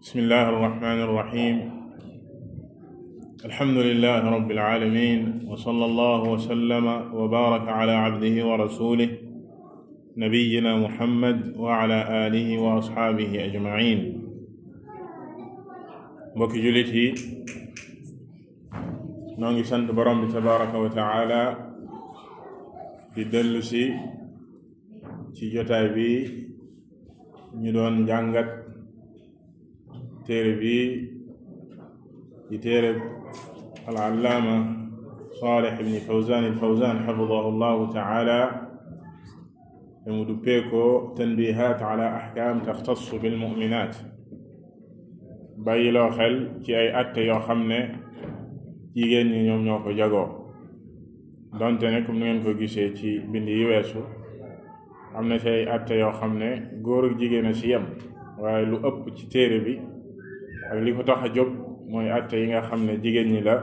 bismillahi arrahmani irrahim alhamdulilahi rabbil alamin wa sallallahu wa sallama wa baraka ala abdihi wa rasulih nabiyina muhammad wa ala alihi wa asxaabihi ajmain mbokki jullit yi noo ngi sant borom bi tabaraka wa taala di dellu si ci jotaay bi ñu doon jàngat téere bi di téere al-allaama Saalih ibn Fawzaan al-Fawzaan xafidahu taala mu duppeekoo tanbihaat ala axkaam taxtassu bilmuminaat bàyyiloo xel ci ay atte yoo xam ne jigéen ñi ñoo ko jagoo donte ne comme ni ngeen ko gisee ci bind yi am na ci ay atte yoo xam ne góor jigéen a si yem lu ëpp ci téere bi ak li ko tax a jóg mooy atte yi nga xam ne jigéen ñi la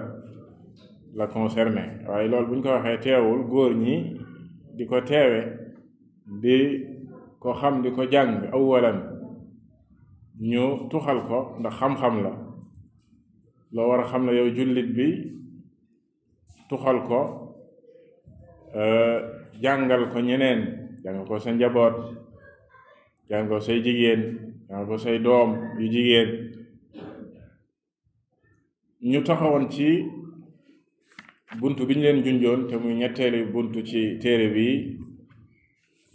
la concerné waaye loolu buñ ko waxee teewul góor ñi di ko teewe di ko xam di ko jàng awalan ñu tuxal ko ndax xam-xam la loo war a xam ne yow jullit bi tuxal ko euh, jàngal ko ñeneen jàngal ko sa njaboot jàngal ko say jigéen jàngal ko say doom yu jigéen ñu taxawoon ci bunt bi ñu leen junjoon te muy ñetteelu bunt ci téere bi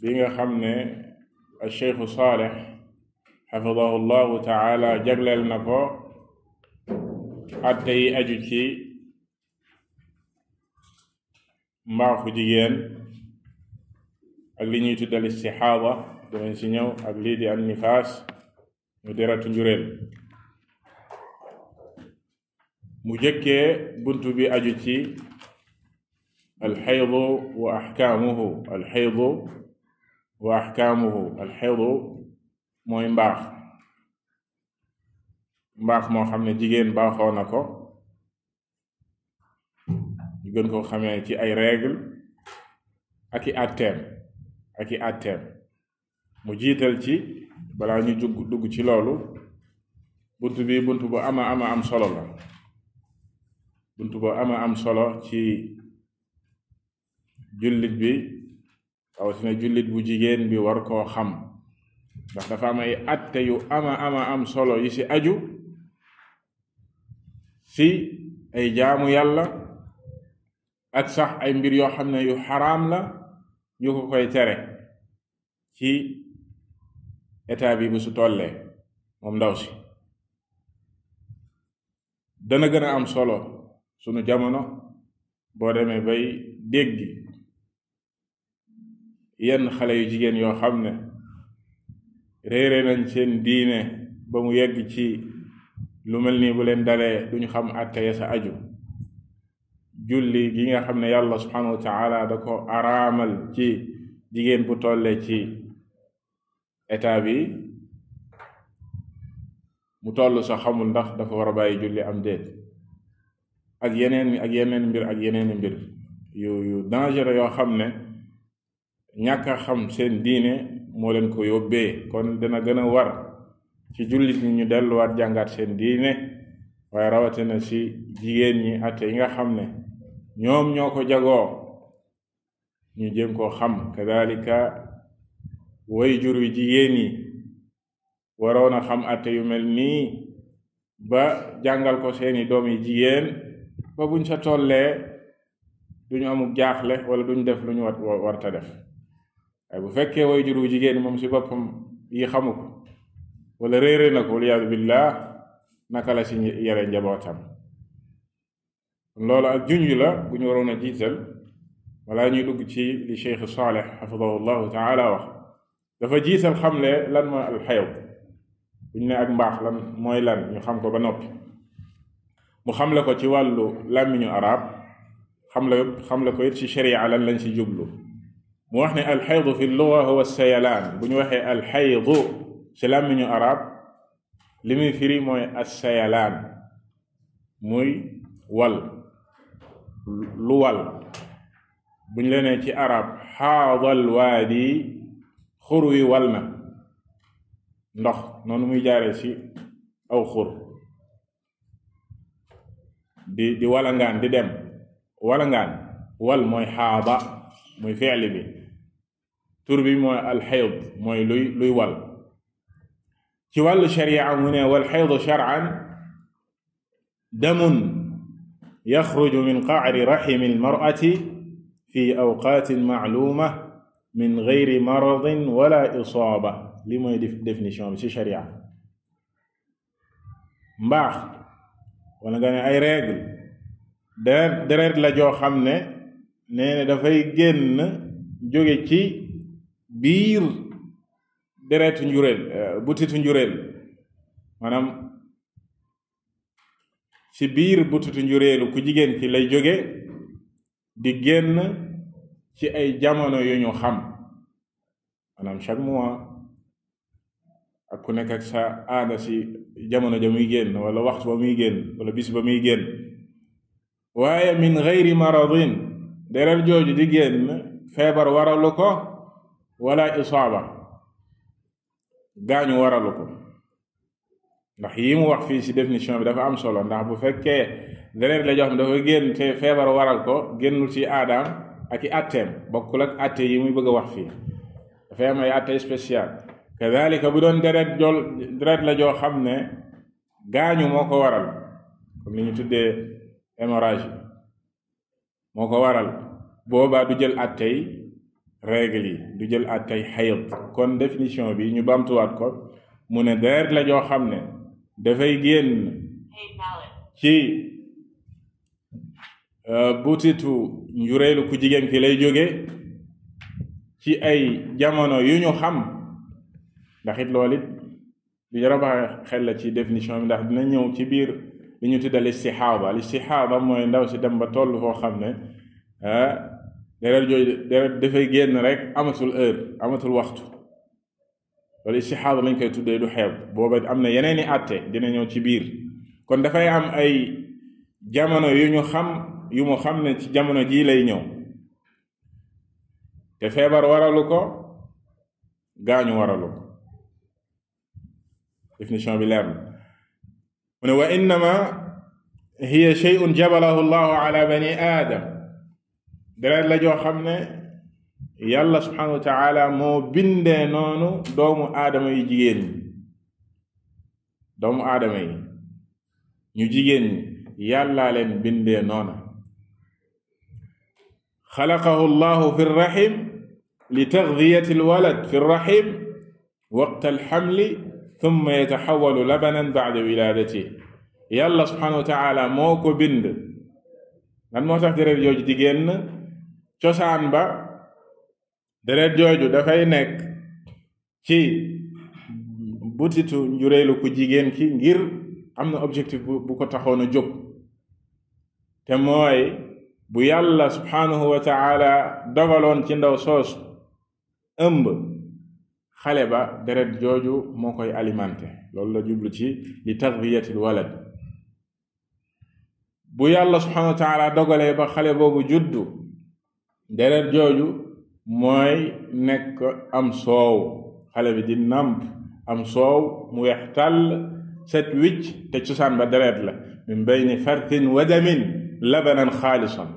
bi nga xam ne al cheikhu saalex xafidahu llahu taala jagleel na ko atte aju ci mbaaxu jigéen ak li ñuy tuddal istixaada danañ ci ñëw ak lii di an nifaas ñu deratu njureel mu jëkkee bunt bi aju ci alxaydu wa axkaamuhu alxaydu wa axkaamuhu alxaydu mooy mbaax mbaax moo xam ne jigéen baaxoo na ko ñu gën koo xamee ci ay règle aki i aki ak mu jiital ci balaa ñu jug dugg ci loolu bunt bi bunt bu ama ama am solo la buntu boo ama am solo ci jullit bi rawatina jullit bu jigéen bi war koo xam ndax dafa am ay atte yu ama ama am solo yi ci aju ci ay jaamu yalla ak sax ay mbir yoo xam ne yu xaraam la yu ko koy tere ci état bi bu su tollee moom ndaw si dana gën a am solo sunu jamono boo demee bay dégg yenn xale yu jigéen yoo xam ne réere nañ seen diine ba mu yegg ci lu mel nii bu leen dalee duñu xam àttee sa aju julli gi nga xam ne yàlla subhanahu wa da ko araamal ci jigéen bu tollee ci état bi mu toll sa xamul ndax dafa war a bàyyi julli am déet ak yeneen ak yeneen mbir ak yeneen mbir yu yu dangereux yoo xam ne ñàkk xam seen diine moo leen ko yóbbee kon dina gën a war ci jullit ñi ñu delluwaat jàngaat seen diine waaye rawatina ci jigéen ñi ate yi nga xam ne ñoom ñoo ko jagoo ñu jéem koo xam kadalika way jur wi jigéen ñi waroon a xam ate yu mel nii ba jàngal ko seeni doom yi jigéen ba buñ sa tollee duñu amuk jaaxle wala duñ def lu ñu war warta def waaye bu fekkee way juru jigéen moom si boppam yi xamu ko wala réere na ko waliyaadu billah naka la si yare njabootam loolu ak junj la bu ñu waroon a jiital wala ñuy dugg ci li cheikh Saalih xafidahu llahu taala wax dafa jiital xamle lan mooy alxayaw buñ ne ak mbaax lan mooy lan ñu xam ko ba noppi mu xam la ko ci wàllu làmmiñu arab xam la xam la ko it ci sharia lan lañ ci jublu mu wax ne alxaydu fi lluga huwa sayalaan bu ñu waxee alxaydu ci làmmiñu arab li muy firi mooy assayalaan muy wal lu wal bu ñu la nee ci arab xaadal waadi xur wi wal na ndox noonu muy jaare ci aw xur di di walangaan di dem walangaan wal mooy xaaba muy fi'li bi tur bi mooy alxayd mooy luy luy wal ci wàllu sharia mu ne wal xaydu shar'an damun yaxruju min qacri raximi almar'ati fi awqaatin macluuma min gayri maradin wala isaaba li mooy définition bi ci sharia mbaax wala nga ne ay règle deret deret la joo xam ne nee dafay génn jóge ci biir deretu njuréel euh, butitu njuréel maanaam ci biir butitu njuréelu ku jigéen ci lay jóge di génn ci ay jamono yu ñu xam maanaam chaque mois ak ku nekk sa aada si jamono ja muy génn wala waxtu ba muy génn wala bis ba muy génn waaye min geyri maradin deret jooju di génn feebar waralu ko wala isaaba gaañu waralu ko ndax yi mu wax fii si définition bi dafa am solo ndax bu fekkee deret la jox xam dafa génn te feebar waral ko génnul ci aadaam ak i atteem bokkul ak atte yi muy bëgg a wax fii dafay am atte spécial kadalika bu doon deret jol deret la joo xam ne gaañu moo ko waral comme ni ñu tuddee hémorragie moo ko waral boobaa du jël attey règle yi du jël attey xayat kon définition bi ñu bamtuwaat ko mu ne deret la joo xam ne dafay génn ci euh, butitu njureelu ku jigéen ki lay jóge ci ay jamono yu ñu xam ndax it loolu it du yaraba xel la ci définition bi ndax dina ñëw ci biir lu ñu tuddal istixaaba istixaaba mooy ndaw si dem ba toll foo xam ne ah, deret jooju dafay génn rek amatul heure amatul waxtu loolu istixaaba lañ koy tuddee du xeeb booba am na yeneen i àtte dina ñëw ci biir kon dafay am ay jamono yu ñu xam yu mu xam ne ci jamono jii lay ñëw te feebar waralu ko gaañu waralu définition bi leer na mu ne wa innama hiya shay'un jabalahu llahu ala bani aadam deret la joo xam ne yàlla subhanahu wa taala moo bindee noonu doomu aadama yu jigéen ñi doomu aadama yi ñu jigéen ñi yàllaa leen bindee noona xalaqahu llahu fi rrahim li taxdiyati alwalad fi rrahim waqta alxamli thumma yataxawalu labanan bacda wilaadati yàlla subhaanahu wa taala moo ko bind lan moo tax deret jooju di cosaan ba deret jooju dafay nekk ci butitu njureelu ku jigéen ki ngir am na objectif bu ko taxoon a jóg te mooy bu yàlla subhaanahu wa taala dogaloon ci ndaw soos ëmb xale ba deret jooju moo koy alimenté loolu la jublu ci li tarbiyatil walad bu yàlla subhanahu wa taala ba xale boobu juddu deret jooju mooy nekk am soow xale bi di nàmp am soow mu weex tàll set wicc te cosaan ba deret la min bayni farthin wa damin labanan xaalisan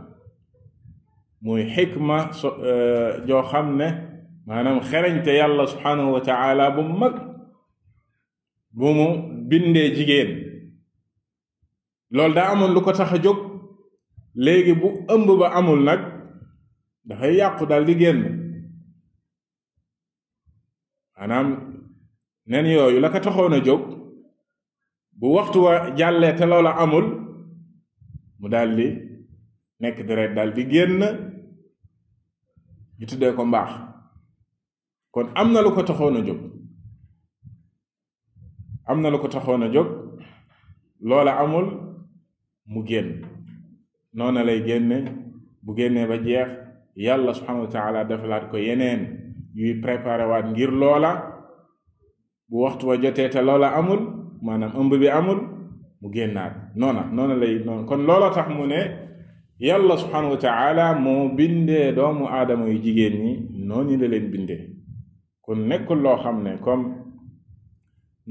muy xikma euh, joo xam ne maanaam xereñte yàlla subhaanahu wa taala bu mag bu mu bindee jigéen loolu daa amoon lu ko tax a jóg léegi bu ëmb ba amul nag dafay yàqu daal di génn maanaam nen yooyu la ko taxoon a jóg bu waxtu wa jàllee te loola amul mu daldi di nekk deret daal génn ñu tuddee ko mbaax kon am na lu ko taxoon a jóg am na lu ko taxoon a jóg loola amul mu génn noona lay génne bu génnee ba jeex yàlla subhanahu wa taala defalaat ko yeneen yuy préparé waat ngir loola bu waxtu wa jotee te loola amul maanaam ëmb bi amul mu génnaat noona noona lay noonu kon loola tax mu ne yàlla subhanahu wa taala moo bindee doomu aadama yu jigéen ñi noonu la leen bindee kon nekkul loo xam ne comme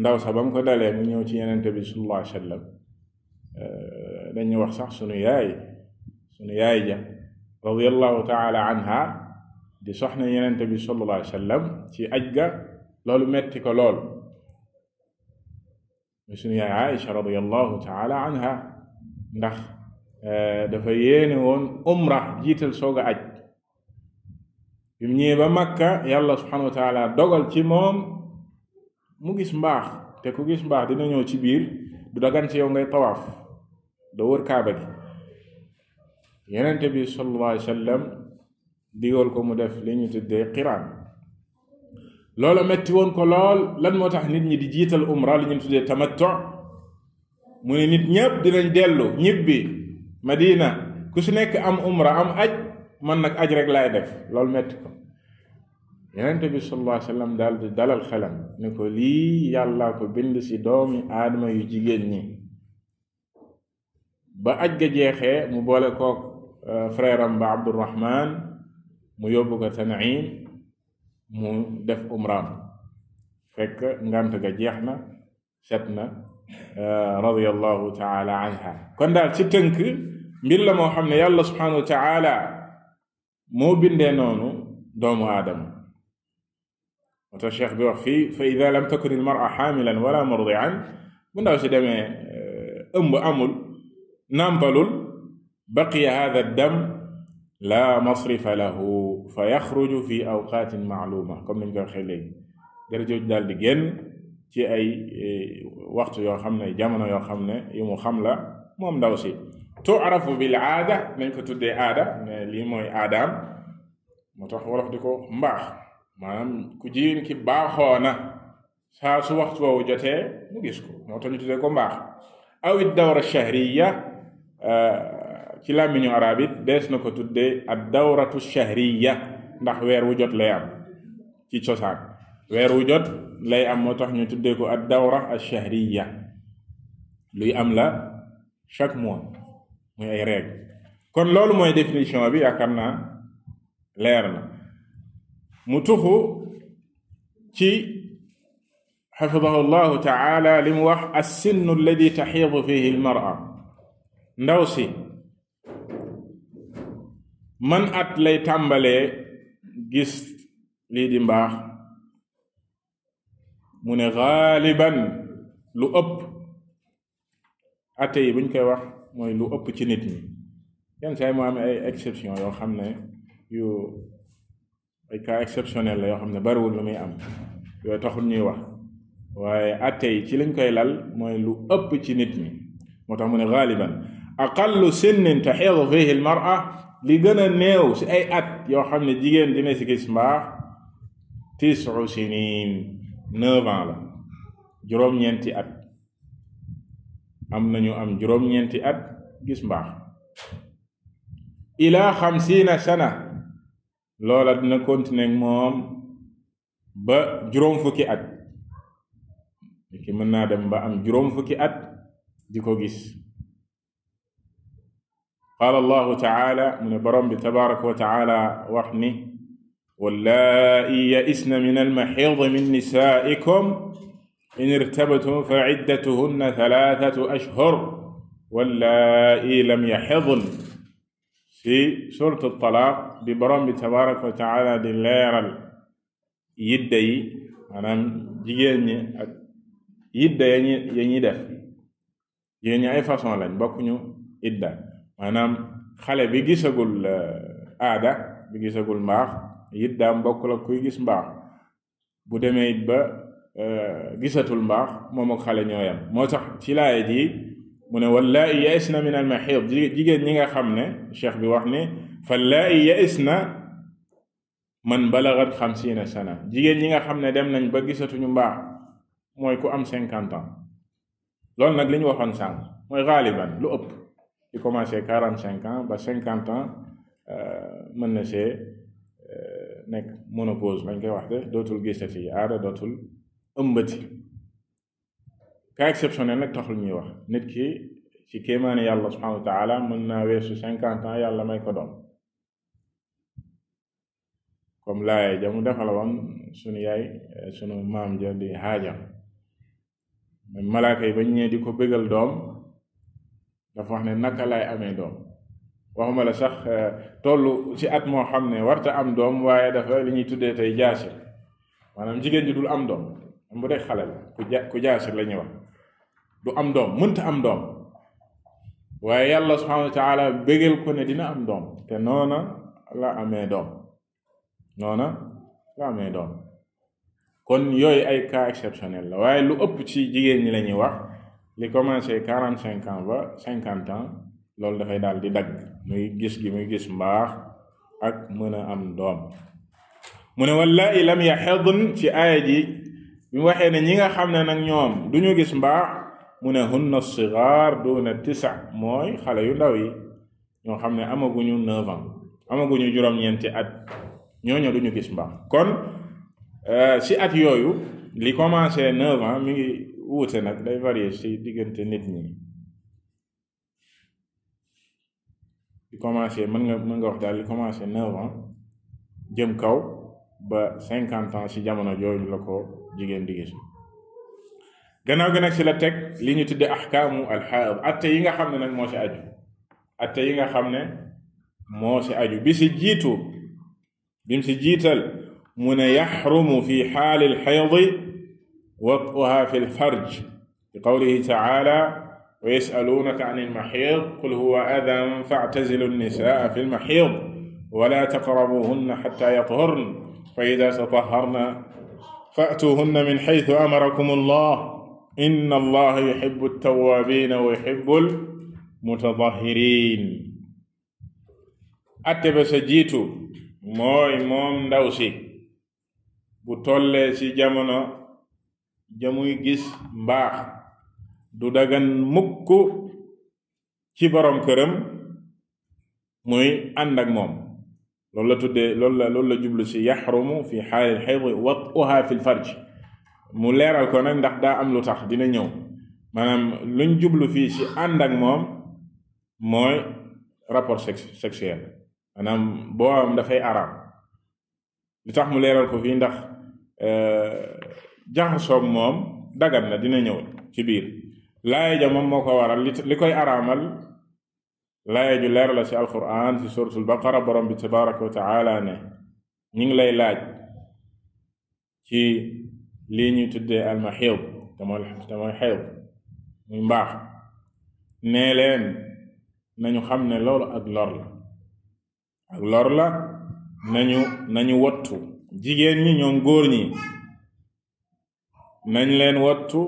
ndaw sax ba mu ko dalee ñëw ci yenente bi sallallahu euh, wax sax sunu yaay sunu yaay ja taala anha di soxna yenente bi sallallahu alayhi ci aj ga loolu metti ko lool mu sunu yaay Aïcha radiallahu taala anha ndax euh, dafa yéene woon umra jiital soog a aj bi mu ñëwee ba Makka yàlla subhanahu wa dogal ci moom mu gis mbaax te ku gis mbaax dina ñëw ci biir du dagan ci yow ngay tawaaf doo wër kaaba gi yenente bi sallallahu alayhi wa ko mu def li ñu tuddee qiraan loola metti woon ko lool lan moo tax nit ñi di jiital umra li ñu tuddee tamattu mu ne nit ñépp dinañ dellu ñibbi Madina ku si nekk am umra am aj man nag aj rek laay def loolu metti ko yonente bi sallallahu alayhi daal di dalal xelam ni ko lii yàllaa ko bind ci doomi aadama yu jigéen ñi ba aj ga jeexee mu boole kook euh, frère am ba abdurahman mu yóbbu ko Tan'im mu def umraam fekk ngant ga jeex na set na euh, radiyallahu taala anha kon daal ci tënk mbir moo xam ne yàlla subhanahu wa moo bindee noonu doomu aadama moo tax cheikh bi wax fii fa ida lam takun il mara xaamilan wala murdian bu ndaw si demee eh, ëmb amul nàmpalul baqiya hada dam la masrifa lahu fa yaxruju fi awqaatin maaluma comme nañ ko waxee léegi dara jooju daal di génn ci ay eh, waxtu yoo xam ne jamono yoo xam ne yu mu xam la moom ndaw si tu'rafu bil aada nañ ko tuddee aada ne lii mooy aadaam moo tax wolof di ko mbaax maanaam ku jigéen ki baaxoona na saa su waxtu woowu jotee mu gis ko moo tax ñu tuddee ko mbaax aw it dawra shahriya eh, ci làmmiñu arab it dees na ko tuddee ad dawratu shahriya ndax weer wu jot lay am ci cosaan weer wu jot lay am moo tax ñu tuddee ko ad dawra ashahriya luy am la chaque mois kon loolu mooy définition bi yaakaar naa leer mu tuxu ci xafidahu llahu taala li wax assinnu alladi taxiidu fihi almara ndaw si man at lay tàmbalee gis lii di mbaax mu ne xaaliban lu ëpp ate buñ koy wax mooy lu ëpp ci nit ñi yenn saa yi moo am ay exception yoo xam ne yu ay cas exceptionnel la yoo xam ne bariwul lu muy am yooyu taxul ñuy wax waaye atte yi ci lañ koy lal mooy lu ëpp ci nit ñi moo tax mu ne gaaliban aqallu sinnin taxiidu fihi al mara li gën a néew si ay at yoo xam ne jigéen dina si gis mbaax tisu sinin neuf ans la juróom-ñeenti at am nañu am juróom-ñeenti at gis mbaax ilaa xamsiina sana loola dina continuer moom ba juróom fukki at ki mën naa dem ba am juróom fukki at di ko gis qaala allahu taala mu ne borom bi tabaraka wa taala wax ni wallaa'i ya'isna min almaxiidi min nisaikum in irtabtum fa ciddatuhunna talaatatu ashhur wallaa'i lam yaxidn si suuratu talaaq bi borom bi tabaaraka wa taala di leeral yidda yi maanaam jigéen ñi ak yidda ya ñuy def jigéen ñi ay façon lañ bokkuñu idda maanaam xale bi gisagul aada bi gisagul mbaax yiddaam bokkul ak kuy gis mbaax bu demee ba Euh, gisatul mbaax moom ak xale ñoo moo tax ci laaya ji mu ne wallaayi yais na min almaxiid jigéen ñi nga xam ne cheikh bi wax ne fallaayi yais na man balagat xamsiina sana jigéen ñi nga xam ne dem nañ ba gisatuñu mbaax mooy ku am cinquante ans loolu nag li ñu waxoon sànq mooy xaaliban lu ëpp di commencé quarante cinq ans ba cinquante ans euh, mën na see euh, nekk ménopause lañ koy wax de dootul gisati aada dootul ëmbati cas exceptionnel nag taxul ñuy wax nit ki ci kéemaane yàlla subhanahu wa mën naa weesu cinquante ans yàlla may ko doom comme laaye jamu defal woon sunu yaay sunu maam ja di xaaja malaaka yi bañ ñee di ko bégal doom dafa wax ne naka laay amee doom waxuma la sax euh, tollu ci at moo xam ne warta am doom waaye dafa li ñuy tuddee tay jaase maanaam jigéen ji dul am doom bu dee xale la ku ja jaasir la ñuy wax du am doom mënta am doom waaye yàlla subhanahu wa taala bégal ko ne dina am doom te noona la amee doom noona la amee doom kon yooyu ay cas exceptionnel la waaye lu ëpp ci jigéen ñi la ñuy wax li commencé quarante cinquante ans ba cinquante ans loolu dafay daal di dagg muy gis gi muy gis mbaax ak mën a am doom mu ne walla i lam yaxidn ci aaya ji bi waxee ne ñi nga xam ne nag ñoom duñu gis mbaax mu ne hunna sigaar duna tisa mooy xale yu ndaw yi ñoo xam ne amaguñu neuf ans amaguñu juróom-ñeenti at ñooñu du ñu gis mbaax kon euh, si at yooyu li commencé neuf ans mi ngi wuute nag day varier si diggante nit ñi li commencé mën nga mën nga wax daal li commencé neuf ans jëm kaw ba cinquante ans si jamono jooju la ko jigéen di gis gannaaw gi nag si la teg li ñu tudde axkaamu alxaid atte yi nga xam ne nag moo si aju atte yi nga xam ne moo si aju bi si jiitu bi mu si jiital mu ne yaxrumu fi xaali alxaydi watuha fi lfarj bi qawlihi taala wa yasalunaka an almaxiid qul huwa adan factazilu nnisaa fi lmaxiid wala taqrabuhunna xata yatahurn fa ida tataharna faatuhunna min xaytu amarakum allah inna allaha yuhibbu tawaabiina wa yuhibbul mutadahirin atte ba sa jiitu mooy moom ndaw si bu tolle ci jamono jamuy gis mbaax du dagan mukk ci borom këram muy ànd moom loolu la tuddee loolu la loolu la jublu ci yaxrumu fi xaalil xaydi watuha fi lfarj mu leeral ko nag ndax daa am lu tax dina ñëw maanaam luñ jublu fii ci ànd moom mooy rapport sexe sexuel maanaam am dafay araam lu tax mu leeral ko fi ndax euh, jaxasoog moom dagan na dina ñëw ci biir laaya ja moom moo ko waral li koy araamal laaya ju leerla la ci alquran ci suratul baqara borom bi tabaraka wa taala ne ñu ngi lay laaj ci lii ñuy tuddee almaxiid te mooy te xew muy mbaax nee leen nañu xam ne loolu ak lor la ak lor la nañu nañu wattu jigéen ñi ñoom góor ñi nañ leen wattu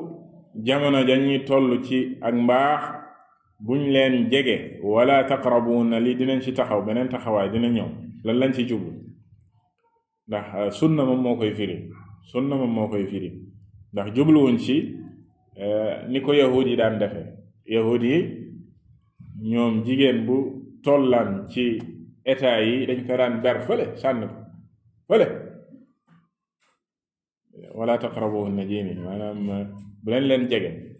jamono dañuy toll ci ak mbaax buñ leen jege wala taqrabuuna lii dinañ ci taxaw beneen taxawaay dina ñëw lan lañ ci jublu ndax euh, sunna moom moo moom moo koy firi ndax jubluwuñ ci euh, ni ko yahuud yi daan defe yahuud yi ñoom jigéen bu tollaan ci état yi dañ ko daan ber fële sànn ko fële wala taqrabuuna jiini maanaam euh, bu leen leen jege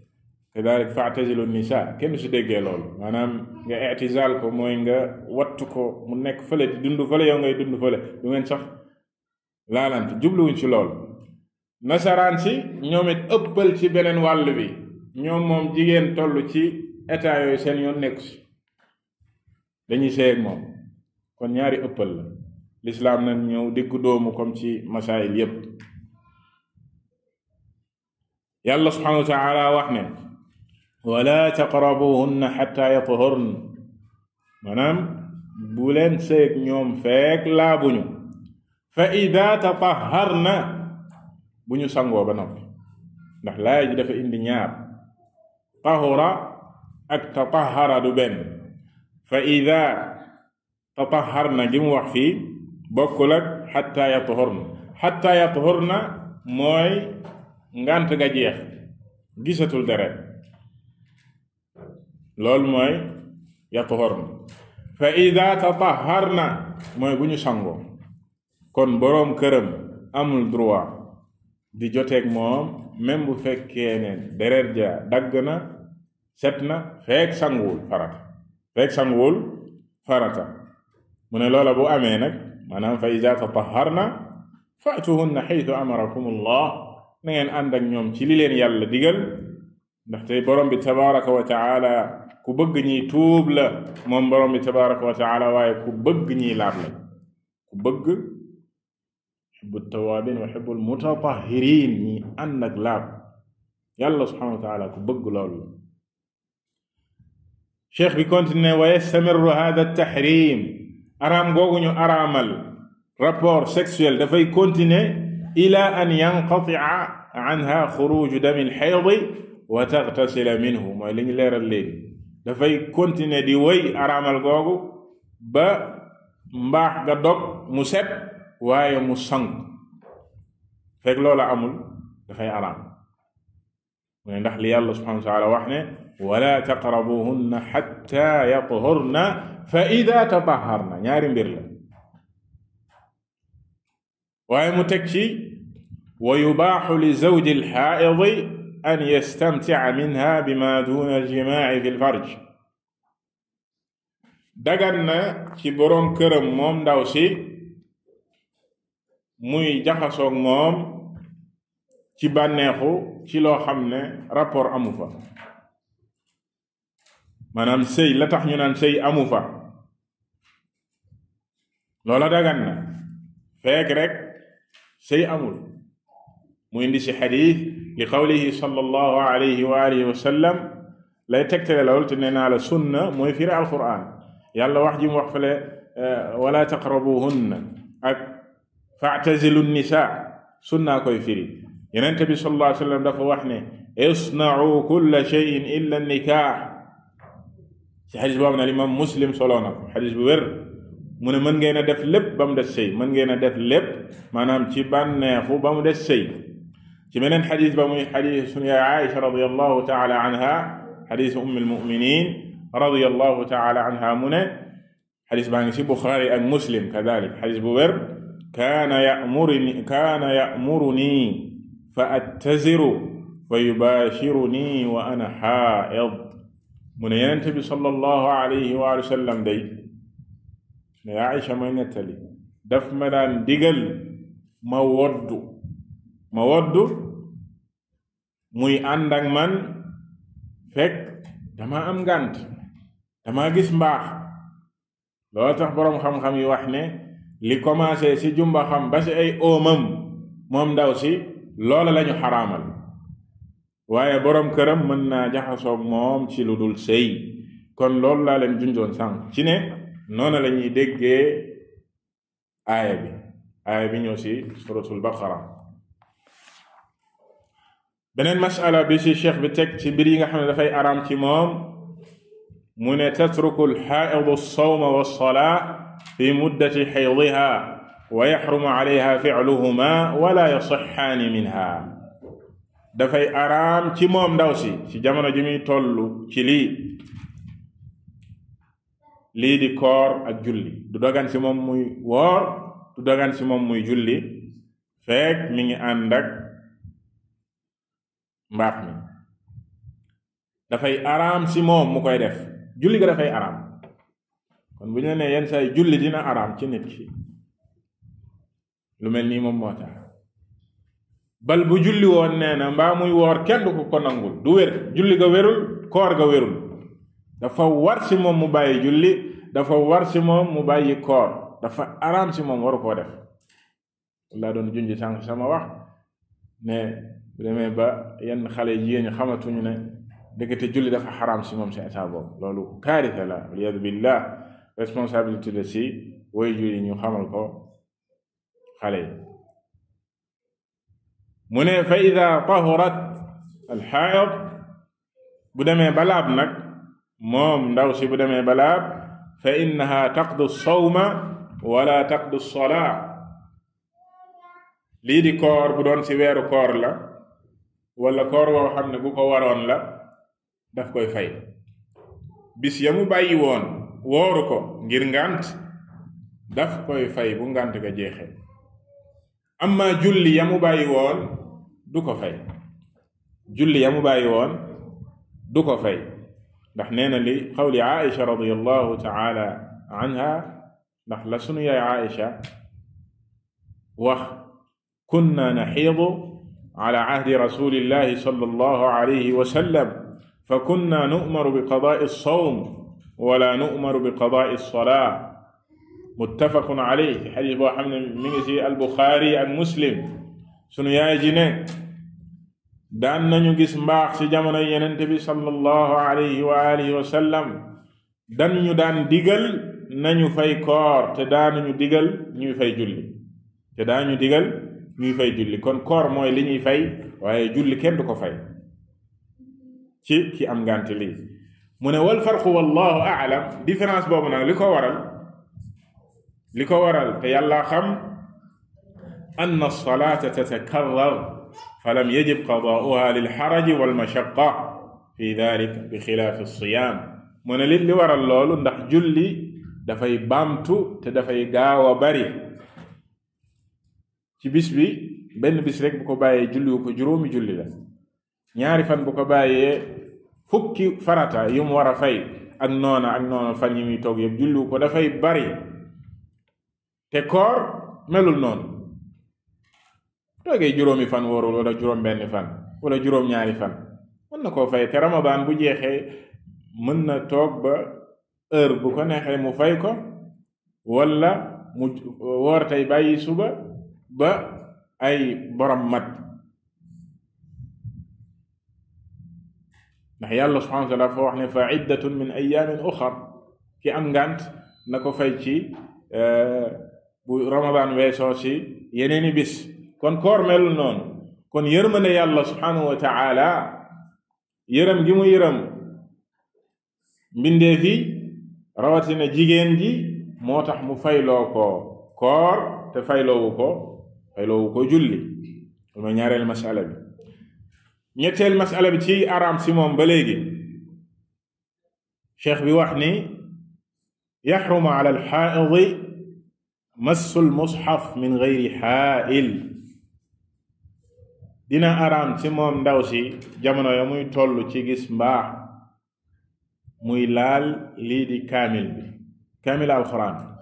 kadalik faatasilu nisa kenn du si déggee loolu maanaam nga itizaal ko mooy nga wattu ko mu nekk fële di dund fële yow ngay dund fële du ngeen sax laalante jubluwuñ ci loolu nasaraan si ñoom ëppal ci beneen wàll bi ñoom moom jigéen tollu ci état yooyu seen yoon nekku si dañuy sey moom kon ñaari ëppal la lislaam nag ñëw diggu doomu comme ci masaayil yépp yàlla subhanahu wa wax ne wala taqrabuhunna xatta yatahurn maanaam bu leen seeg ñoom feek laabuñu fa ida tatahharna bu ñu sangoo ba noppi ndax laay ji dafa indi ñaar tahura ak tatahara du benn fa ida tatahharna gi mu wax fii bokkul ak xatta yatahurna xatta yatahurna mooy ngant ga jeex gisatul deret loolu mooy yatahharna fa ida tatahharna mooy bu ñu sangoo kon boroom këram amul droit di joteeg moom même bu fekkee ne deret ja dagg na set na feek sanguwul farata feek sanguwul farata mu ne loola bu amee nag maanaam fa ida tatahharna faatuhunna xaytu amarakum na ngeen ànd ak ñoom ci li leen yàlla digal ndaxte borom bi tabaraka wa taala ku bëgg ñiy tuub la moom borom bi tabaraka wa taala waaye ku bëgg ñiy laab la ku bëgg xibbu tawaabin wa xibbul mutatahirin ñi ànd ak laab yàlla subhanahu wa taala ku bëgg loolu la cheikh bi continué wa yastamiru hada tahrim araam googu ñu araamal rapport sexuel dafay continuer ila an yanqatia anha xuruju dami lxaydi wa taxtasila minhu mooy li ñu leeral léegi dafay continuer di wëy araamal googu ba mbaax ga dog mu set waaye mu sangu fekk loola amul dafay araam mu ne ndax li yàlla subhanahu wa taala wax ne wala taqrabuhunna xatta yatahurna fa ida tataharna ñaari mbir la waaye mu teg ci wa yubaaxu li zawji alxaaidi an yastamtia minha bima duna aljimaai fi lfarj dagan na ci boroom këram moom ndaw si muy jaxasoog moom ci bànneexu ci loo xam ne rapport amu fa maanaam sëy la tax ñu naan sëy amu fa loola dagan na rek sëy amul mu indi si xadiis li qawlihi sallallahu alayhi wa alihi wa sallam lay tegtale lool te nee naa la sunna mooy firi alquran yàlla wax ji mu wax fale eh, wala taqrabuhunna ak fa'tazilu nisa sunna koy firi yonent bi sallallahu alayhi wa sallam dafa wax ne isna'u kulla shay'in illa nikah ci xadis boobu nag imam muslim soloo na ko xadis bu wér mu ne mën ngeen a def lépp ba mu des sëy mën ngeen a def lépp maanaam ci bànneexu ba mu des sëy ci beneen xadis ba muy xadis sunu yaay Aïcha radiyallahu taala anha xadis ummil muminin radiyallahu taala anha mu ne xadis baa ngi ci Buxaari ak Muslim kadalik xadis bu wér kaana yamuruni kaana yamuruni fa attaziru fa yubaashiruni wa ana xaaid mu ne Yonent bi sallallahu alayhi wa sallam day sunu yaay Aïcha mooy nettali daf ma daan digal ma woddu mawaddu muy àndak man fekk dama am ngànt dama gis mbaax loolu tax boroom xam-xam yi wax ne li commencé ci jumba xam ba ci ay oomam moom ndaw si loola lañu xaraamal waaye boroom këram mën naa jaxasoog moom ci lu dul sëy kon loolu laa leen junjoon sànq ci ne noonu lañuy ñuy déggee aaya bi aaya bi ñëw ci suratul baqara beneen masala bi ci cheikh bi teg ci mbir yi nga xam ne dafay araam ci moom mu ne tatruku alxaaidu alsawma walsolaa fi muddati xaydiha wa yaxrumu alayha ficluhuma wala yasixaani minha dafay araam ci moom ndaw si ci jamono ji muy toll ci lii lii di koor ak julli du dogan ci moom muy woor du dogan ci moom muy julli fekk mi ngi ànd ak mbaax mi dafay araam si moom mu koy def julli ga dafay araam kon bu ñu nee yenn saa julli dina araam ci nit ki lu mel nii moom moo tax bal bu julli woon nee na mbaa muy woor kenn du ko ko du wér julli ga wérul koor ga wérul dafa war si moom mu bàyyi julli dafa war si moom mu bàyyi koor dafa araam si moom waru koo def laa doon junj sànq sama wax ne bu demee ba yenn xale jigéen ñi xamatuñu ne dëkkate julli dafa xaraam si moom si état boobu loolu kaarita la waliyadu billah responsabilité de si way julli ñu xamal ko xale yi mu ne fa ida tahurat alxaid bu demee balaab nag moom ndaw si bu demee balaab fa innaha taqdu sawma wala taqdu solaa lii di koor bu doon si weeru koor la wala koor woo xam ne bu ko waroon la daf koy fay bis ya mu bàyyi woon wooru ko ngir ngant daf koy fay bu ngànt ga jeexee amma julli ya mu bàyyi woon du ko fay julli ya mu bàyyi woon du ko fay ndax nee na li xawli Aïcha radiyallahu taala anha ndax la sunu yaay Aïcha wax kunna naxiidu ala ahdi rasulillahi sallallahu alayhi wa sallam fa kunna nu'maru bi qadaa'i as-sawm wala nu'maru bi qadaa'i as-salaa muttafaqun alayhi xadis boo xam ne mi ngi ci albuxaari ak muslim sunu yaay ji ne daan nañu gis mbaax ci jamono yenent bi sallallahu alayhi wa alihi wa sallam dan ñu daan digal nañu fay koor te daanuñu digal ñuy fay julli te daañu digal ñuy fay julli kon koor mooy li ñuy fay waaye julli kenn du ko fay ci ki am ngànte lii mu ne wal farqu wallahu aalam différence boobu nag li ko waral li ko waral te yàlla xam an alsalaata tatakarrar falam yajib qadaa'uha lil xaraji wal mashaqqa fi dalika bi xilaafi alsiyaam mu ne li li waral loolu ndax julli dafay baamtu te dafay gaaw a bari ci bis bi benn bis rek bu ko bàyyee julliwu ko juróomi julli la ñaari fan bu ko bàyyee fukki farata yu mu war a fay ak noona ak noona fan yi muy toog yëpp julliwu ko dafay bari te koor melul noonu toogee juróomi fan warul wala juróom benn fan wala juróom ñaari fan mën na koo fay te ramadaan bu jeexee mën na toog ba heure bu ko neexee mu fay ko wala mu woor bàyyi suba ba ay borom mat ndax yàlla subhanahu wa taala fa wax ne fa iddatun min ki am ngànt na ko fay ci eh, bu ramadan weesoo ci yeneeni bis kon koor melul noonu kon yërmande yàlla subhanahu wa taala yërëm gi mu yërëm mbindeef rawatina jigéen ji moo tax mu fayloo ko koor te fayloowu ko fayloowu ko julli lu ma ñaareel masala bi ñetteel masala bi ci araam si moom ba léegi cheikh bi wax ni yaxrumu ala alxaaidi massu almusxaf min geyri xaail dina araam si moom ndaw si jamono ya muy toll ci gis mbaax muy laal lii di kaamil alxuraan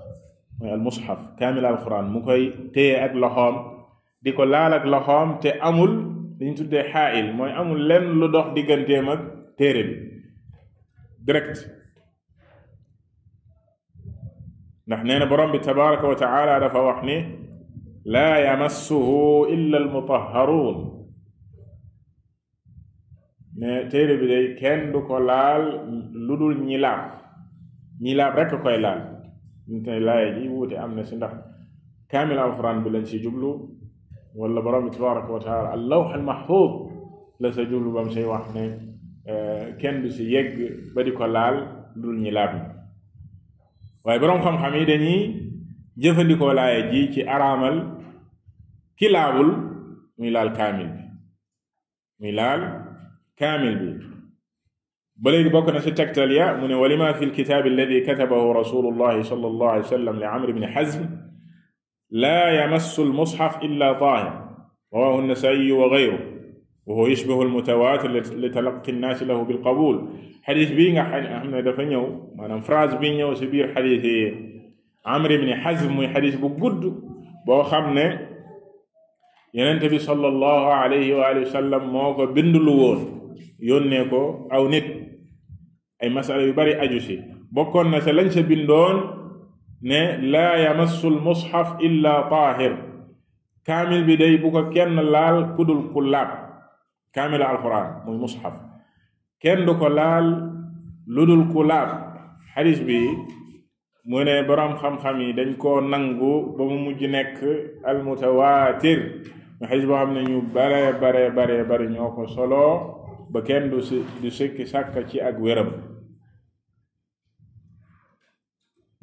mooy al mushaf kaamil mu koy téye ak loxoom di ko laal loxoom te amul li ñu tuddee xaayil mooy amul lenn lu dox digganteem ak téere bi direct ndax nee na borom bi tabaraka wa taala dafa wax ni laa yamassuhu illa almutahharuun mais téere bi day kenn du ko laal lu dul ñi laab ñi koy laal ñu tey laaya ji wuute am na si ndax kaamil alquran bi lañ si jublu wala borom bi tabaraka wa taala al lawx la sa jublu bam say wax ne eh, kenn du si yegg ba di ko laal dul ñi laab ñi waaye boroom xam-xam yi dañuy jëfandikoo laaya ji ci araamal ki laabul laal kaamil bi muy laal kaamil bi ba léegi bokk na ci tegtal ya mu ne walima fi lkitaabi alladi katabahu rasulullahi sallallahu alayhi wa sallam li amr ibni hazm laa yamassu almushaf illa taahir rawahu annasaiyu wa gayru wa huwa yushbihu almutawaatir li talaqi nnaasi lahu bilqabul xadis bii nga xam ne dafa ñëw maanaam phrase bi ñëw si biir xadis yi amr ibni hazm muy xadis bu gudd boo xam ne yonente bi sallallahu alayhi wa alihi wa sallam moo ko bindlu woon yónnee ko aw nit ay masala yu bari aju ci bokkoon na ca lañ ca bindoon ne laa yamassu l mushaf illa kaamil bi day bu ko kenn laal kudul ku laab kaamil alquran muy mushaf kenn du ko laal ludul ku laab xadis bi mu ne boroom xam-xam yi dañ koo nangu ba mu mujj nekk almutawaatir mu xadis boo xam ne ñu bare bare bare ñoo ko solo ba kenn du si du sikki sàkk ci ak wéram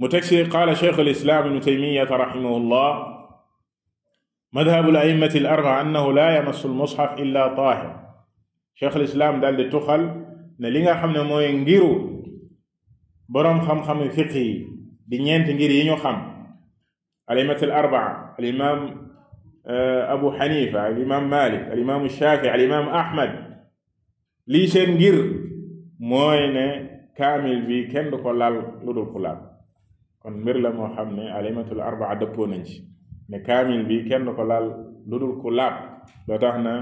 mu teg si qaala sheikhul islaam ibnu taymiyata rahimahullah madhabu al-a'immati al-arba'a annahu laa yamassu al-mushaf illa taahir sheikhul islaam daal di tuxal ne li nga xam ne mooy ngiru boroom xam-xami fiq yi di ñeenti ngir yi ñu xam al-a'immati al-arba'a al-imaam eh, Abu Xanifa al-imaam Maalik al-imaam Shaafi al-imaam Ahmad lii seen ngir mooy ne kaamil bi kenn du ko laal lu dul ku laal kon mbir la moo xam ne alimatul arbaa dëppoo nañ ci ne kaamil bi kenn ko laal lu dul ku laab loo tax na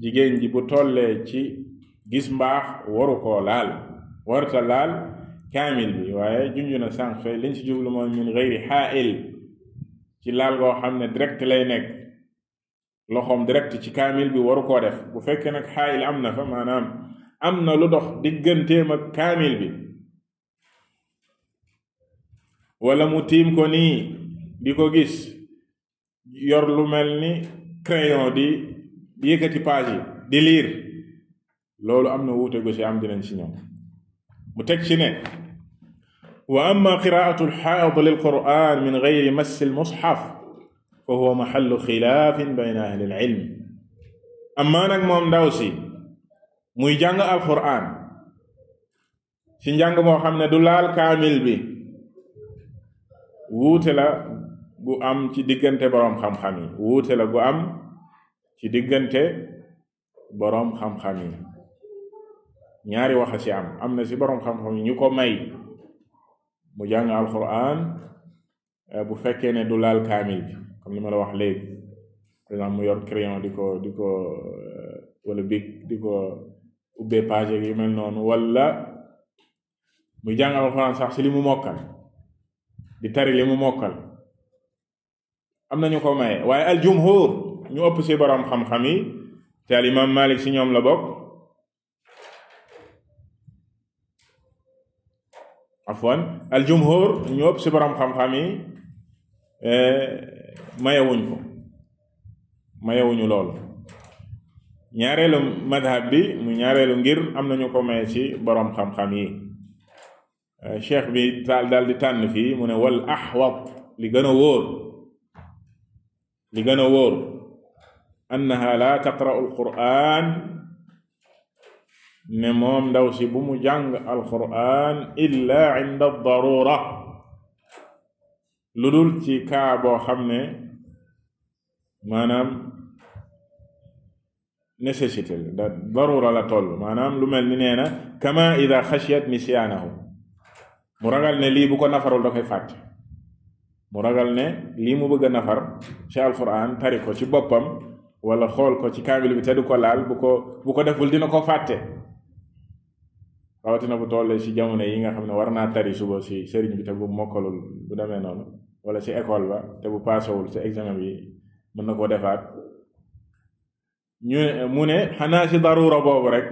jigéen ji bu tollee ci gis mbaax waru ko laal warta laal kaamil bi waaye junju na sànq fay liñ ci jublu mooy min gayri xaail ci laal goo xam ne direct lay nekk loxoom direct ci kaamil bi waru koo def bu fekkee nag xaail am na fa maanaam am na lu dox digganteem ak kaamil bi wala mu tiim ko nii di ko gis yor lu mel ni crayon di yëkkati page yi di liir loolu am na wute gu ci am dinañ ci ñëw mu teg ci ne wa amma qiraatu alxaid lilquran min geyri massi almushaf fa huwa maxallu xilaafin bayna ahli alilmi amma nag moom ndaw si muy jàng alquran ci njàng moo xam ne du laal kaamil bi wuute la gu am ci diggante boroom xam-xam yi wuute la gu am ci diggante boroom xam-xam yi ñaari waxa ci am am na ci boroom xam-xam yi ñu ko may mu jàng alquran eh, bu fekkee ne du laal kaamil bi comme ni ma la wax léegi par mu yor crayon di ko di ko eh, wala bic di ko page yu mel noonu wala mu jàng alquran sax ci limu mu di tari li mu mokkal am nañu ko maye waaye al jumhur ñu ëpp si boroom xam-xam yi te al malik si ñoom la bokk afwan al jumhur ñu ëpp si borom xam-xam yi e, mayewuñ ko mayewuñu loolu ñaareelu madhab bi mu ñaareelu ngir am nañu ko maye ci borom xam-xam yi Euh, cheikh bi taal daal di tànn fii mu ne wal axwat li gën a wóor li gën a wóor annaha la taqra'u alquran ne moom ndaw si bu mu jàng alquran illa inda darura lu dul ci kaa boo xam ne maanaam nécessité la darura la toll maanaam lu mel ni nee na kama ida xashiyat nisyaanahu mu ragal ne lii bu ko nafarul da koy fàtte mu ragal ne lii mu bëgg a nafar ci alquran tari ko ci boppam wala xool ko ci kaamil bi te du ko laal bu ko bu ko deful dina ko fàtte rawatina bu tollee ci jamono yi nga xam ne war naa tari suba ci sëriñ bi te bu mokkalul bu demee noonu wala ci école ba te bu paasewul ci examen bi mën na koo defaat ñu mu ne xanaa ci daruura boobu rek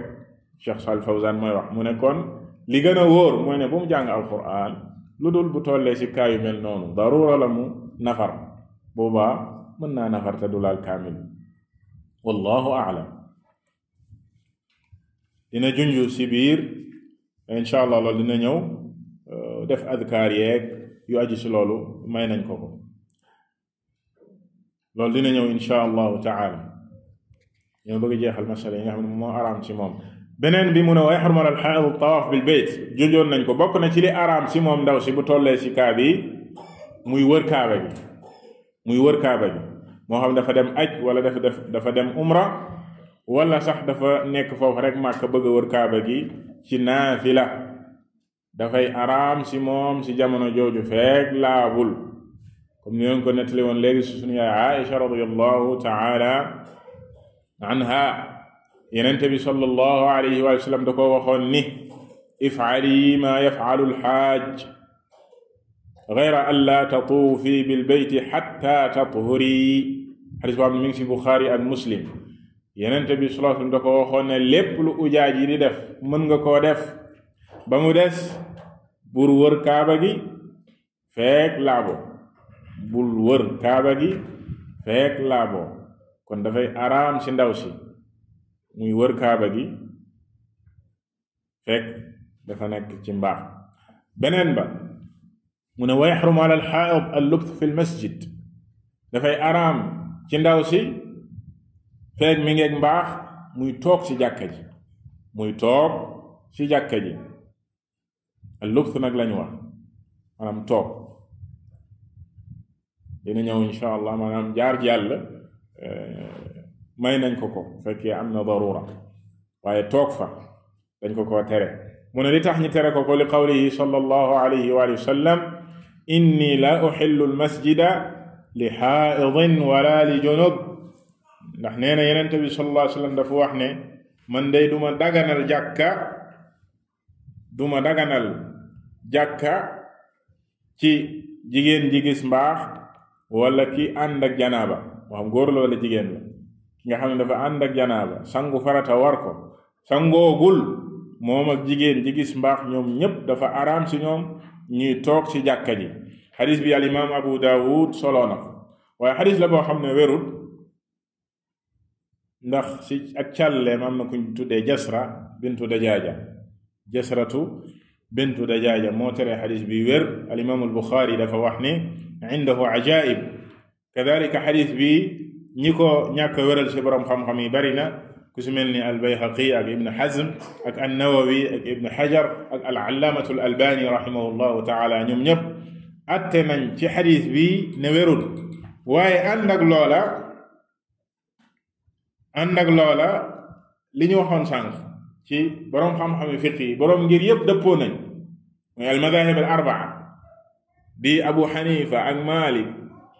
Cheikh Sall Fawzan mooy wax mu ne li gën a wóor mooy ne bu mu jàng alquran lu dul bu tollee ci kaa yu mel noonu darura la mu nafar boobaa mën naa nafar te du laal kaamil wallahu aalam dina junju ci biir incha allah loolu dina ñëw euh, def adkaar yeeg yu aju ci loolu may nañ ko ko loolu dina ñëw incha allahu taala ñoo bëgg jeexal masala yi nga xam ne moo araam ci moom beneen bi mu ne way xarmal al xaid tawaaf bil bayt jojoon nañ ko bokk na ci li araam si moom ndaw si bu tollee si kaa bi muy wër kaaba bi muy wër kaaba bi moo xam dafa dem aj wala dafa def dafa dem umra wala sax dafa nekk foofu rek màkk bëgg a wër kaaba gi ci naafila dafay araam si moom si jamono jooju feek laabul comme ni ngeen ko nettali woon léegi si sunu yaay Aïcha taala anha yenente bi sallallahu alayhi wa sallam da ko waxoon ni if'ali ma yaf'alu al-hajj ghayra an la tatuufi hatta tathuri xadis boo Buxaari ak Muslim yenente bi sallallahu alayhi wa di def mën nga koo def ba mu des bul wër kaaba gi feek laabo bul wër kaaba gi feek laabo kon dafay araam ci ndaw si muy wër kaaba gi fekk dafa nekk ci mbaax beneen ba mu ne wa yaxrumu ala alxaaid allubt fi lmasjid dafay araam ci ndaw si fekk mi ngeeg mbaax muy toog ci jàkka ji muy toog ci jàkka ji allubt nag lañu wax maanaam toog dina ñëw insha allah maanaam jaar jàll may nañ ko ko fekkee am na darura waaye toog fa dañ ko koo tere mu ne li tax ñu tere ko ko li qawlihi sallallahu alayhi wa sallam inni la uxillu almasjida li xaaidin wala li junub ndax ne na yenente bi sallallahu alayhi wa sallam dafa wax ne man day duma daganal jàkka duma daganal jàkka ci jigéen ji gis mbaax wala ki ànd ak janaaba moo xam góor la jigéen la ki nga xam ne dafa ànd ak janaaba sangu farata war ko sangoogul moom ak jigéen ji gis mbaax ñoom ñépp dafa araam ci ñoom ñuy toog ci jàkka ji xadis bi al imaam abu daawud soloo na waaye xadis la boo xam ne wérul ndax ci ak càlleem am na kuñ tuddee jasra bintu dajaaja jasratu bintu dajaaja moo tere xadis bi wér al imaam al buxaari dafa wax ne indahu ajaib kadalika xadis bi ñi ko ñàkk wéral ci borom xam-xam yi bari na ku si mel ak ibn hazm ak annawawi ak ibn hajar ak alallaamatu al albani rahimahullahu taala ñoom ñëpp atte nañ ci xadis bi ne wérul waaye ak loola li ñu waxoon sànq ci borom xam-xam yi fiq yi ngir yëpp dëppoo nañ mooy almadahib al arbaa abu xanifa ak malik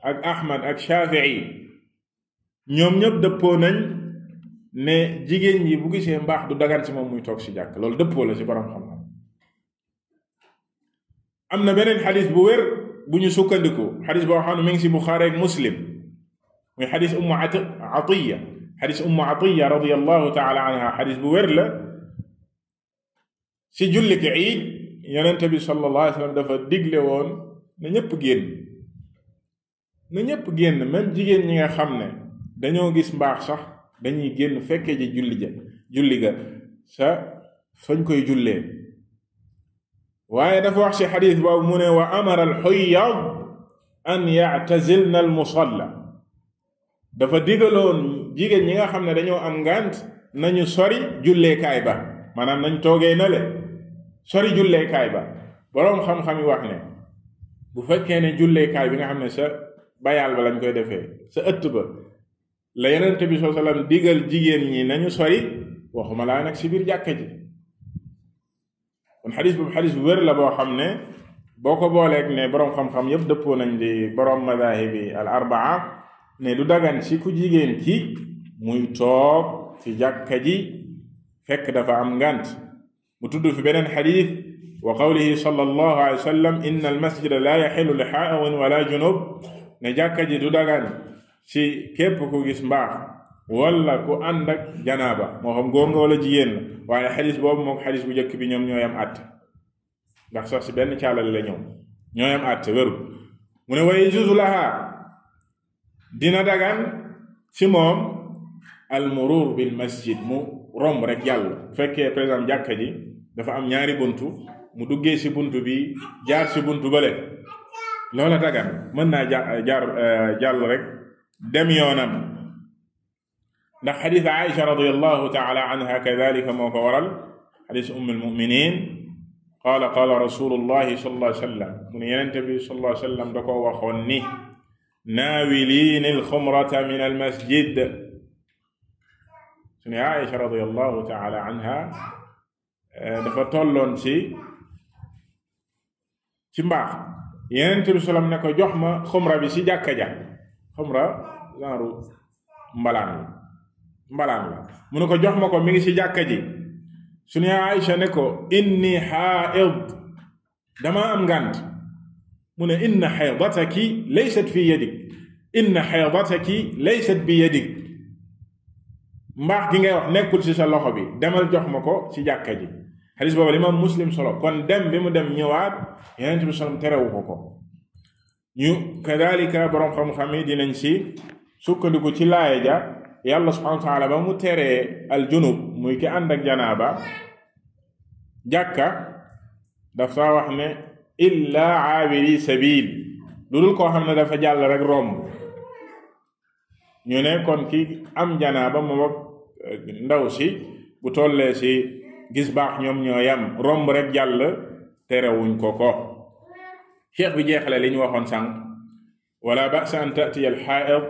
ak ahmad ak shafii ñoom ñëpp dëppoo nañ ne jigéen yi bu gisee mbaax du dagan ci moom muy toog ci jàkk loolu dëppoo la ci borom xam-xam am na beneen xadis bu wér bu ñu sukkandiku xadis boo xam ne mi ngi ci Buxaari ak Muslim muy xadis ummu atiya xadis ummu atiya radiyallahu taala anha xadis bu wér la ci julli ki iid yonente bi sallallahu alayhi wa sallam dafa digle woon na ñëpp génn na ñëpp génn même jigéen ñi nga xam ne dañoo gis mbaax sax dañuy génn fekkee ji julli ja julli ga sa fañ koy jullee waaye dafa wax ci xadis boobu mu ne wa amara al xuyyad an yactazilna al musalla dafa digaloon jigéen ñi nga xam ne dañoo am ngànt nañu sori julleekaay ba maanaam nañ toogee na le sori julleekaay ba boroom xam-xam wax ne bu fekkee ne julleekaay bi nga xam ne sa bayaal ba lañ koy defee sa ëtt ba la yonent bi sallallahu alayhi digal jigéen ñi nañu sori waxu laa nag si biir jàkka ji kon xadis bu xadis bu wér la boo xam ne boo ko booleeg ne boroom xam-xam dëppoo nañ di boroom madaahibi al arbaa ne du dagan si jigéen ki muy toog ci jàkka ji fekk dafa am ngant mu tudd fi beneen xadis wa qawlihi sallallahu alayhi wa sallam inna al la yaxilu li xaa'irin wala junub ne jàkka ji du dagan si képp ku gis mbaax wala ku ànd ak janaaba moo xam góor nga wala jigéen la waaye xadis boobu moom xadis bu njëkk bi ñoom ñooy am àtte ndax sax si benn caalal la ñëw ñooy am àtte wéru mu ne waaye juzu lahaa dina dagan ci moom almurur bil masjid mu romb rek jàll bu fekkee par exemple jàkka ji dafa am ñaari bunt mu duggee ci bunt bi jaar si ci buntu bële loola dagan mën naa jaar eh, jàll rek dem yoonam ndax xadis Aïcha radiyallahu taala anha kadalika moo ko waral xadis umm almuminin qaala qaala rasulullahi sallallahu alayhi wa sallam mu ne yonent bi sallallahu alayhi wa sallam da koo waxoon ni naawiliin alxumrata min almasjid su ne Aïcha radiyallahu taala anha eh, dafa tolloon ci ci mbaax yonent bi sallam ne ko jox ma xumra bi ci jàkka ja xumra genre mbalaan la mbalaan la mu ne ko jox ma ko mi ngi ci jàkka ji su ne Aïcha ne ko inni xaaid damaa am ngànt mu ne inna xaydataki laysat fi yadik inna xaydataki laysat bi yadik mbaax gi ngay wax nekkul ci sa loxo bi demal jox ma ko ci jàkka ji xadis boobu li imaam muslim solo kon dem bi mu dem ñëwaat yeneen bi sallam terewu ko ko ñu kadalika boroom xam-xam dinañ si sukkandiku ci laaya ja yàlla subhanahu wa taala ba mu teree al muy ki ànd ak janaaba jàkka daf saa wax ne illa aabiri sabil lu dul koo xam ne dafa jàll rek romb ñu ne kon ki am janaaba moom eh, ndaw si bu tollee si gis baax ñoom ñoo yam romb rek jàll terewuñ ko ko cheikh bi jeexale li ñu waxoon sànq wala basa an tatiya alxaid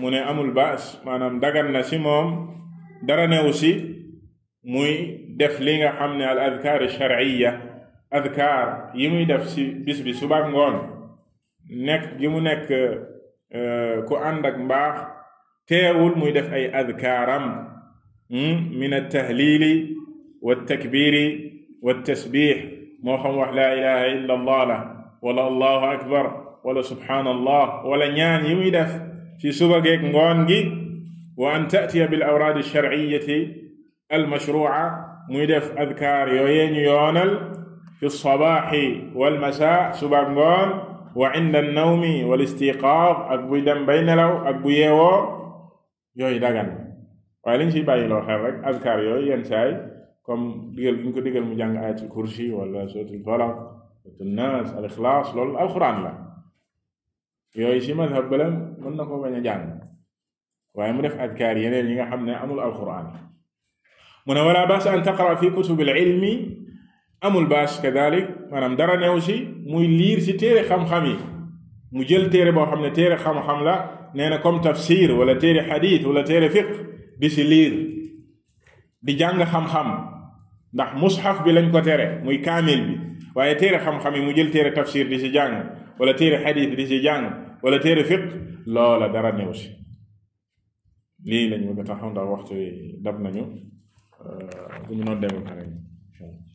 mu ne amul baas maanaam dagan na si moom dara newu muy def li nga xam ne al adkaar sharciya adkaar yi muy def si bis bi suba ngoon nekk gi mu nekk euh, ko ànd mbaax teewul muy def ay adkaaram hmm, min wa waltakbiri waltasbix moo xam wax laa ilaha illa allah wala allahu akbar wala subhanallah wala ñaan yi muy def ci suba geeg ngoon gi wa an taatiya bil awraad alsharciyati almashruca muy def adkaar yooyee ñu yoonal fi lsabaxi walmasa suba ngoon wa inda annawmi walistiqaaz ak buy dem bay nelaw ak bu yeewoo yooyu dagan waaye liñ ciy bàyyi loo xel rek adkaar yooyu yenn saay comme digal ñu ko digal mu jàng ayatul kursi wala suratul falaq nas al ixlaas loolu alxuraan la yooyu si madhab bala mën na ko bañ a jàng waaye mu def adkaar yeneen yi nga xam ne amul alxuraan mu ne wala baas an taqra fi kutubil ilmi amul baas kadalik maanaam dara neew si muy liir si téere xam-xam yi mu jël téere boo xam ne téere xam-xam la nee na comme tafsir wala téere xadiit wala téere fiqh di si liir di jàng xam-xam ndax musxaf bi lañ ko tere muy kaamil bi waaye téere xam-xam yi mu jël téere tafsir di ci jàng wala téere xadiis di ci jàng wala téere fiq loola dara néew lii lañu bëgg a taxaw ndax waxtu dab nañu euh, bu ñu noon demee